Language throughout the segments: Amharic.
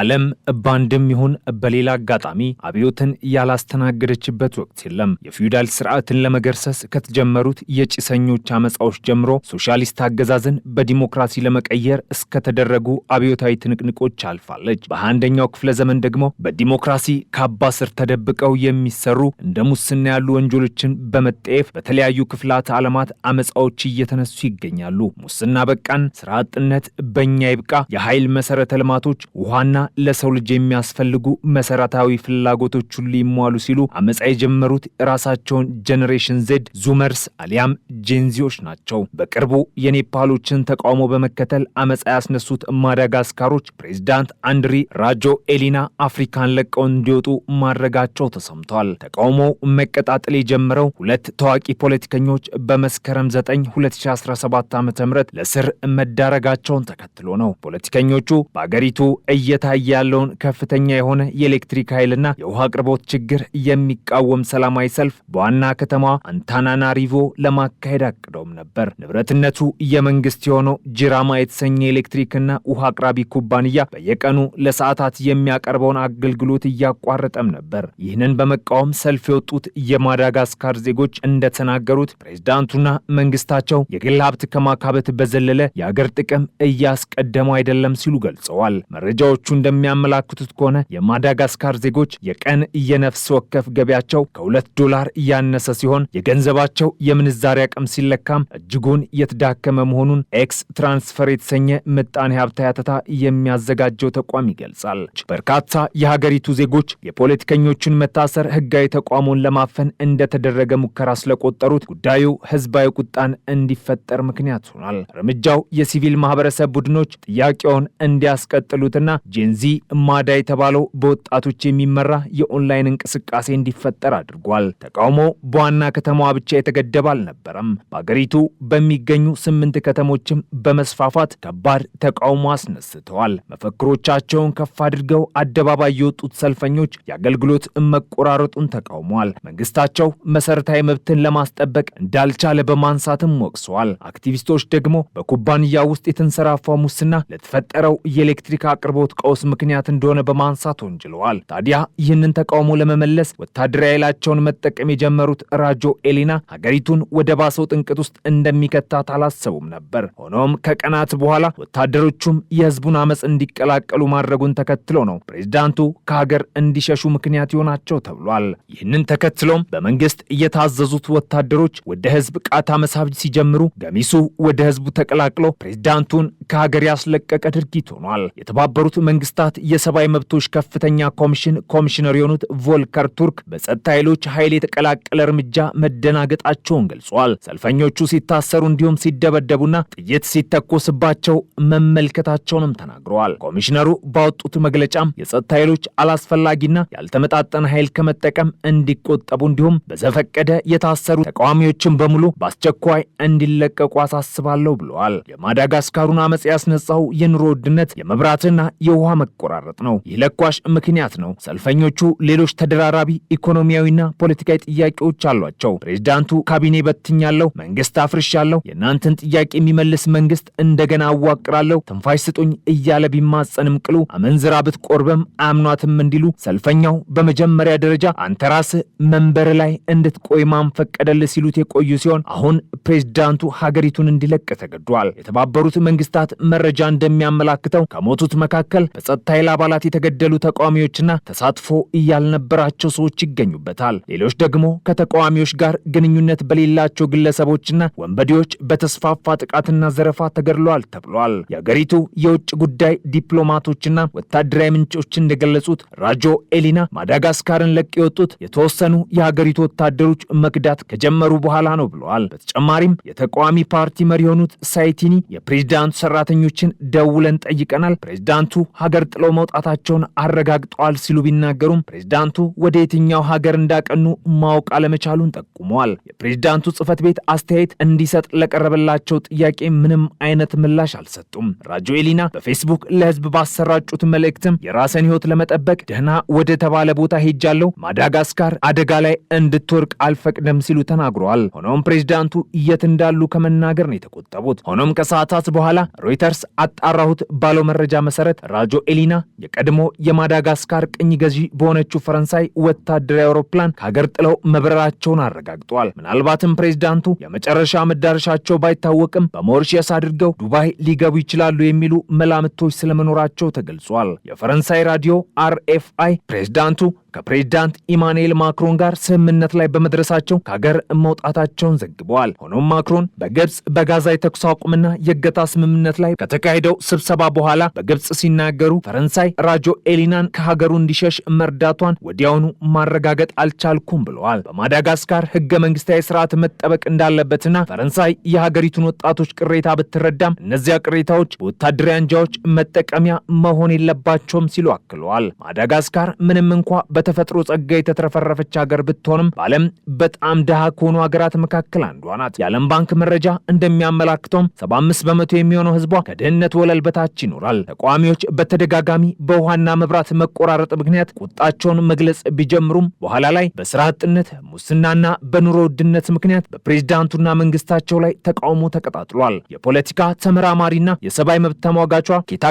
ዓለም በአንድም ይሁን በሌላ አጋጣሚ አብዮትን ያላስተናገደችበት ወቅት የለም። የፊውዳል ስርዓትን ለመገርሰስ ከተጀመሩት የጭሰኞች አመፃዎች ጀምሮ ሶሻሊስት አገዛዝን በዲሞክራሲ ለመቀየር እስከተደረጉ አብዮታዊ ትንቅንቆች አልፋለች። በአንደኛው ክፍለ ዘመን ደግሞ በዲሞክራሲ ካባ ስር ተደብቀው የሚሰሩ እንደ ሙስና ያሉ ወንጀሎችን በመጠየፍ በተለያዩ ክፍላተ ዓለማት አመፃዎች እየተነሱ ይገኛሉ። ሙስና በቃን፣ ስራ አጥነት በእኛ ይብቃ፣ የኃይል መሰረተ ልማቶች ውሃና ለሰው ልጅ የሚያስፈልጉ መሰረታዊ ፍላጎቶች ሁሉ ይሟሉ ሲሉ አመፃ የጀመሩት ራሳቸውን ጄኔሬሽን ዜድ ዙመርስ አሊያም ጄንዚዎች ናቸው። በቅርቡ የኔፓሎችን ተቃውሞ በመከተል አመፃ ያስነሱት ማዳጋስካሮች ፕሬዚዳንት አንድሪ ራጆ ኤሊና አፍሪካን ለቀው እንዲወጡ ማድረጋቸው ተሰምቷል። ተቃውሞው መቀጣጠል የጀመረው ሁለት ታዋቂ ፖለቲከኞች በመስከረም 9 2017 ዓ ም ለስር መዳረጋቸውን ተከትሎ ነው። ፖለቲከኞቹ በአገሪቱ እየታ ላይ ያለውን ከፍተኛ የሆነ የኤሌክትሪክ ኃይልና የውሃ አቅርቦት ችግር የሚቃወም ሰላማዊ ሰልፍ በዋና ከተማዋ አንታናናሪቮ ለማካሄድ አቅደውም ነበር። ንብረትነቱ የመንግስት የሆነው ጅራማ የተሰኘ ኤሌክትሪክና ውሃ አቅራቢ ኩባንያ በየቀኑ ለሰዓታት የሚያቀርበውን አገልግሎት እያቋረጠም ነበር። ይህንን በመቃወም ሰልፍ የወጡት የማዳጋስካር ዜጎች እንደተናገሩት ፕሬዝዳንቱና መንግስታቸው የግል ሀብት ከማካበት በዘለለ የአገር ጥቅም እያስቀደሙ አይደለም ሲሉ ገልጸዋል። መረጃዎቹ እንደሚያመላክቱት ከሆነ የማዳጋስካር ዜጎች የቀን የነፍስ ወከፍ ገቢያቸው ከሁለት ዶላር እያነሰ ሲሆን የገንዘባቸው የምንዛሪ አቅም ሲለካም እጅጉን የተዳከመ መሆኑን ኤክስ ትራንስፈር የተሰኘ ምጣኔ ሀብት ያተታ የሚያዘጋጀው ተቋም ይገልጻል። በርካታ የሀገሪቱ ዜጎች የፖለቲከኞቹን መታሰር ህጋዊ ተቋሙን ለማፈን እንደተደረገ ሙከራ ስለቆጠሩት ጉዳዩ ህዝባዊ ቁጣን እንዲፈጠር ምክንያት ሆኗል። እርምጃው የሲቪል ማህበረሰብ ቡድኖች ጥያቄውን እንዲያስቀጥሉትና ጄን ከንዚ ማዳ የተባለው በወጣቶች የሚመራ የኦንላይን እንቅስቃሴ እንዲፈጠር አድርጓል። ተቃውሞ በዋና ከተማዋ ብቻ የተገደበ አልነበረም። በአገሪቱ በሚገኙ ስምንት ከተሞችም በመስፋፋት ከባድ ተቃውሞ አስነስተዋል። መፈክሮቻቸውን ከፍ አድርገው አደባባይ የወጡት ሰልፈኞች የአገልግሎት መቆራረጡን ተቃውመዋል። መንግስታቸው መሰረታዊ መብትን ለማስጠበቅ እንዳልቻለ በማንሳትም ወቅሰዋል። አክቲቪስቶች ደግሞ በኩባንያ ውስጥ የተንሰራፋው ሙስና ለተፈጠረው የኤሌክትሪክ አቅርቦት ቀውስ ቀውስ ምክንያት እንደሆነ በማንሳት ወንጅለዋል። ታዲያ ይህንን ተቃውሞ ለመመለስ ወታደራዊ ኃይላቸውን መጠቀም የጀመሩት ራጆ ኤሊና ሀገሪቱን ወደ ባሰው ጥንቅት ውስጥ እንደሚከታት አላሰቡም ነበር። ሆኖም ከቀናት በኋላ ወታደሮቹም የህዝቡን አመፅ እንዲቀላቀሉ ማድረጉን ተከትሎ ነው ፕሬዚዳንቱ ከሀገር እንዲሸሹ ምክንያት ይሆናቸው ተብሏል። ይህንን ተከትሎም በመንግስት እየታዘዙት ወታደሮች ወደ ህዝብ ቃታ መሳብ ሲጀምሩ ገሚሱ ወደ ህዝቡ ተቀላቅሎ ፕሬዚዳንቱን ከሀገር ያስለቀቀ ድርጊት ሆኗል። የተባበሩት መንግስት መንግስታት የሰብአዊ መብቶች ከፍተኛ ኮሚሽን ኮሚሽነር የሆኑት ቮልከር ቱርክ በጸጥታ ኃይሎች ኃይል የተቀላቀለ እርምጃ መደናገጣቸውን ገልጿል። ሰልፈኞቹ ሲታሰሩ እንዲሁም ሲደበደቡና ጥይት ሲተኮስባቸው መመልከታቸውንም ተናግረዋል። ኮሚሽነሩ ባወጡት መግለጫም የጸጥታ ኃይሎች አላስፈላጊና ያልተመጣጠነ ኃይል ከመጠቀም እንዲቆጠቡ እንዲሁም በዘፈቀደ የታሰሩ ተቃዋሚዎችን በሙሉ በአስቸኳይ እንዲለቀቁ አሳስባለሁ ብለዋል። የማዳጋስካሩን አመፅ ያስነሳው የኑሮ ውድነት የመብራትና የውሃ መቆራረጥ ነው። ይህ ለኳሽ ምክንያት ነው። ሰልፈኞቹ ሌሎች ተደራራቢ ኢኮኖሚያዊና ፖለቲካዊ ጥያቄዎች አሏቸው። ፕሬዚዳንቱ ካቢኔ በትኛለሁ፣ መንግስት አፍርሻለሁ፣ የእናንተን ጥያቄ የሚመልስ መንግስት እንደገና አዋቅራለሁ፣ ትንፋሽ ስጡኝ እያለ ቢማጸንም ቅሉ አመንዝራ ብትቆርበም አያምኗትም እንዲሉ ሰልፈኛው በመጀመሪያ ደረጃ አንተ ራስህ መንበር ላይ እንድትቆይ ማን ፈቀደልህ ሲሉት የቆዩ ሲሆን አሁን ፕሬዚዳንቱ ሀገሪቱን እንዲለቅ ተገዷል። የተባበሩት መንግስታት መረጃ እንደሚያመላክተው ከሞቱት መካከል የጸጥታ ኃይል አባላት የተገደሉ ተቃዋሚዎችና ተሳትፎ እያልነበራቸው ሰዎች ይገኙበታል። ሌሎች ደግሞ ከተቃዋሚዎች ጋር ግንኙነት በሌላቸው ግለሰቦችና ወንበዴዎች በተስፋፋ ጥቃትና ዘረፋ ተገድለዋል ተብሏል። የአገሪቱ የውጭ ጉዳይ ዲፕሎማቶችና ወታደራዊ ምንጮች እንደገለጹት ራጆ ኤሊና ማዳጋስካርን ለቅ የወጡት የተወሰኑ የሀገሪቱ ወታደሮች መክዳት ከጀመሩ በኋላ ነው ብለዋል። በተጨማሪም የተቃዋሚ ፓርቲ መሪ የሆኑት ሳይቲኒ የፕሬዝዳንቱ ሰራተኞችን ደውለን ጠይቀናል። ፕሬዝዳንቱ ሀገር ሀገር ጥለው መውጣታቸውን አረጋግጠዋል ሲሉ ቢናገሩም ፕሬዚዳንቱ ወደ የትኛው ሀገር እንዳቀኑ ማወቅ አለመቻሉን ጠቁመዋል። የፕሬዚዳንቱ ጽህፈት ቤት አስተያየት እንዲሰጥ ለቀረበላቸው ጥያቄ ምንም አይነት ምላሽ አልሰጡም። ራጆ ኤሊና በፌስቡክ ለህዝብ ባሰራጩት መልእክትም የራስን ህይወት ለመጠበቅ ደህና ወደ ተባለ ቦታ ሄጃለሁ፣ ማዳጋስካር አደጋ ላይ እንድትወርቅ አልፈቅድም ሲሉ ተናግረዋል። ሆኖም ፕሬዚዳንቱ የት እንዳሉ ከመናገር ነው የተቆጠቡት። ሆኖም ከሰዓታት በኋላ ሮይተርስ አጣራሁት ባለው መረጃ መሰረት ራጆ ኤሊና የቀድሞ የማዳጋስካር ቅኝ ገዢ በሆነችው ፈረንሳይ ወታደራዊ አውሮፕላን ከሀገር ጥለው መብረራቸውን አረጋግጠዋል። ምናልባትም ፕሬዚዳንቱ የመጨረሻ መዳረሻቸው ባይታወቅም በሞሪሸስ አድርገው ዱባይ ሊገቡ ይችላሉ የሚሉ መላምቶች ስለመኖራቸው ተገልጿል። የፈረንሳይ ራዲዮ አርኤፍአይ ፕሬዚዳንቱ ከፕሬዚዳንት ኢማኑኤል ማክሮን ጋር ስምምነት ላይ በመድረሳቸው ከሀገር መውጣታቸውን ዘግበዋል። ሆኖም ማክሮን በግብፅ በጋዛ የተኩስ አቁምና የእገታ ስምምነት ላይ ከተካሄደው ስብሰባ በኋላ በግብፅ ሲናገሩ ፈረንሳይ ራጆ ኤሊናን ከሀገሩ እንዲሸሽ መርዳቷን ወዲያውኑ ማረጋገጥ አልቻልኩም ብለዋል። በማዳጋስካር ህገ መንግስታዊ ስርዓት መጠበቅ እንዳለበትና ፈረንሳይ የሀገሪቱን ወጣቶች ቅሬታ ብትረዳም እነዚያ ቅሬታዎች በወታደራዊ አንጃዎች መጠቀሚያ መሆን የለባቸውም ሲሉ አክለዋል። ማዳጋስካር ምንም እንኳ በ በተፈጥሮ ጸጋ የተትረፈረፈች ሀገር ብትሆንም በዓለም በጣም ድሃ ከሆኑ ሀገራት መካከል አንዷ ናት። የዓለም ባንክ መረጃ እንደሚያመላክተውም 75 በመቶ የሚሆነው ህዝቧ ከድህነት ወለል በታች ይኖራል። ተቃዋሚዎች በተደጋጋሚ በውሃና መብራት መቆራረጥ ምክንያት ቁጣቸውን መግለጽ ቢጀምሩም በኋላ ላይ በስራ አጥነት፣ ሙስናና በኑሮ ውድነት ምክንያት በፕሬዝዳንቱና መንግስታቸው ላይ ተቃውሞ ተቀጣጥሏል። የፖለቲካ ተመራማሪና የሰብአዊ መብት ተሟጋቿ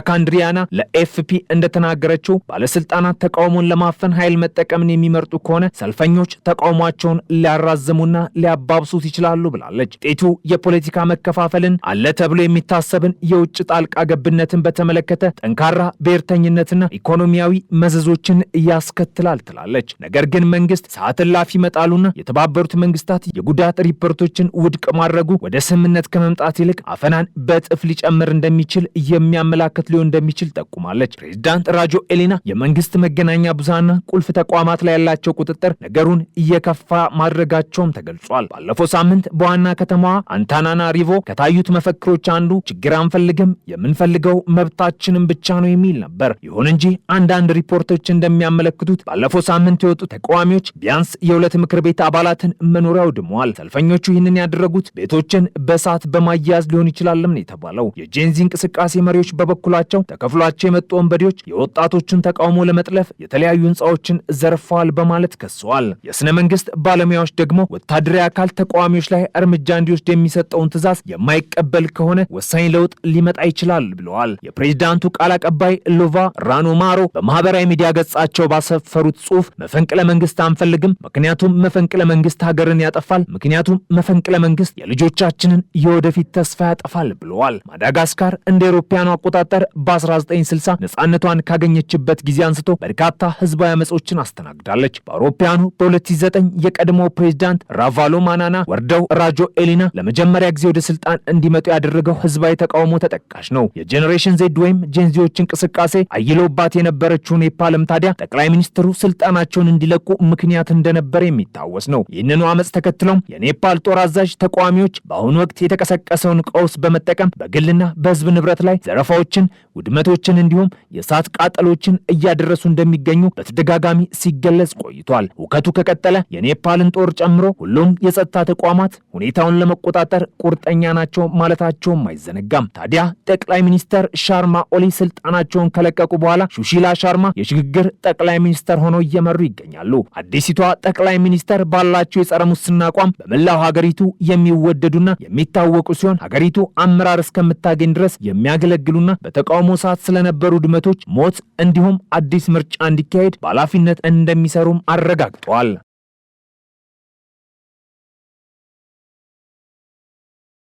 ካንድሪያና ለኤፍፒ እንደተናገረችው ባለስልጣናት ተቃውሞን ለማፈን ኃይል መጠቀምን የሚመርጡ ከሆነ ሰልፈኞች ተቃውሟቸውን ሊያራዝሙና ሊያባብሱት ይችላሉ ብላለች። ውጤቱ የፖለቲካ መከፋፈልን አለ ተብሎ የሚታሰብን የውጭ ጣልቃ ገብነትን በተመለከተ ጠንካራ ብሔርተኝነትና ኢኮኖሚያዊ መዘዞችን ያስከትላል ትላለች። ነገር ግን መንግስት ሰዓት እላፊ መጣሉና የተባበሩት መንግስታት የጉዳት ሪፖርቶችን ውድቅ ማድረጉ ወደ ስምምነት ከመምጣት ይልቅ አፈናን በጥፍ ሊጨምር እንደሚችል የሚያመላክት ሊሆን እንደሚችል ጠቁማለች። ፕሬዚዳንት ራጆ ኤሌና የመንግስት መገናኛ ብዙሃንና ቁልፍ ተቋማት ላይ ያላቸው ቁጥጥር ነገሩን እየከፋ ማድረጋቸውም ተገልጿል። ባለፈው ሳምንት በዋና ከተማዋ አንታናና ሪቮ ከታዩት መፈክሮች አንዱ ችግር አንፈልግም፣ የምንፈልገው መብታችንም ብቻ ነው የሚል ነበር። ይሁን እንጂ አንዳንድ ሪፖርቶች እንደሚያመለክቱት ባለፈው ሳምንት የወጡ ተቃዋሚዎች ቢያንስ የሁለት ምክር ቤት አባላትን መኖሪያ አውድመዋል። ሰልፈኞቹ ይህንን ያደረጉት ቤቶችን በእሳት በማያያዝ ሊሆን ይችላልም ነው የተባለው። የጄንዚ እንቅስቃሴ መሪዎች በበኩላቸው ተከፍሏቸው የመጡ ወንበዴዎች የወጣቶቹን ተቃውሞ ለመጥለፍ የተለያዩ ህንፃዎችን ንብረቶችን ዘርፈዋል በማለት ከሰዋል። የስነ መንግስት ባለሙያዎች ደግሞ ወታደራዊ አካል ተቃዋሚዎች ላይ እርምጃ እንዲወስድ የሚሰጠውን ትዕዛዝ የማይቀበል ከሆነ ወሳኝ ለውጥ ሊመጣ ይችላል ብለዋል። የፕሬዚዳንቱ ቃል አቀባይ ራኖ ማሮ በማህበራዊ ሚዲያ ገጻቸው ባሰፈሩት ጽሑፍ መፈንቅለ መንግስት አንፈልግም፣ ምክንያቱም መፈንቅለ መንግስት ሀገርን ያጠፋል፣ ምክንያቱም መፈንቅለ መንግስት የልጆቻችንን የወደፊት ተስፋ ያጠፋል ብለዋል። ማዳጋስካር እንደ አውሮፓውያኑ አቆጣጠር በ1960 ነፃነቷን ካገኘችበት ጊዜ አንስቶ በርካታ ህዝባዊ አመጾች ጨዋታዎችን አስተናግዳለች። በአውሮፓውያኑ በ2009 የቀድሞ ፕሬዚዳንት ራቫሎ ማናና ወርደው ራጆ ኤሊና ለመጀመሪያ ጊዜ ወደ ስልጣን እንዲመጡ ያደረገው ህዝባዊ ተቃውሞ ተጠቃሽ ነው። የጄኔሬሽን ዜድ ወይም ጄንዚዎች እንቅስቃሴ አይሎባት የነበረችው ኔፓልም ታዲያ ጠቅላይ ሚኒስትሩ ስልጣናቸውን እንዲለቁ ምክንያት እንደነበረ የሚታወስ ነው። ይህንኑ አመፅ ተከትሎም የኔፓል ጦር አዛዥ ተቃዋሚዎች በአሁኑ ወቅት የተቀሰቀሰውን ቀውስ በመጠቀም በግልና በህዝብ ንብረት ላይ ዘረፋዎችን፣ ውድመቶችን እንዲሁም የእሳት ቃጠሎችን እያደረሱ እንደሚገኙ በተደጋጋሚ በተደጋጋሚ ሲገለጽ ቆይቷል። ሁከቱ ከቀጠለ የኔፓልን ጦር ጨምሮ ሁሉም የጸጥታ ተቋማት ሁኔታውን ለመቆጣጠር ቁርጠኛ ናቸው ማለታቸውም አይዘነጋም። ታዲያ ጠቅላይ ሚኒስተር ሻርማ ኦሊ ስልጣናቸውን ከለቀቁ በኋላ ሹሺላ ሻርማ የሽግግር ጠቅላይ ሚኒስተር ሆነው እየመሩ ይገኛሉ። አዲሲቷ ጠቅላይ ሚኒስተር ባላቸው የጸረ ሙስና አቋም በመላው ሀገሪቱ የሚወደዱና የሚታወቁ ሲሆን ሀገሪቱ አመራር እስከምታገኝ ድረስ የሚያገለግሉና በተቃውሞ ሰዓት ስለነበሩ ድመቶች ሞት እንዲሁም አዲስ ምርጫ እንዲካሄድ በኃላፊነት በቅንነት እንደሚሰሩም አረጋግጧል።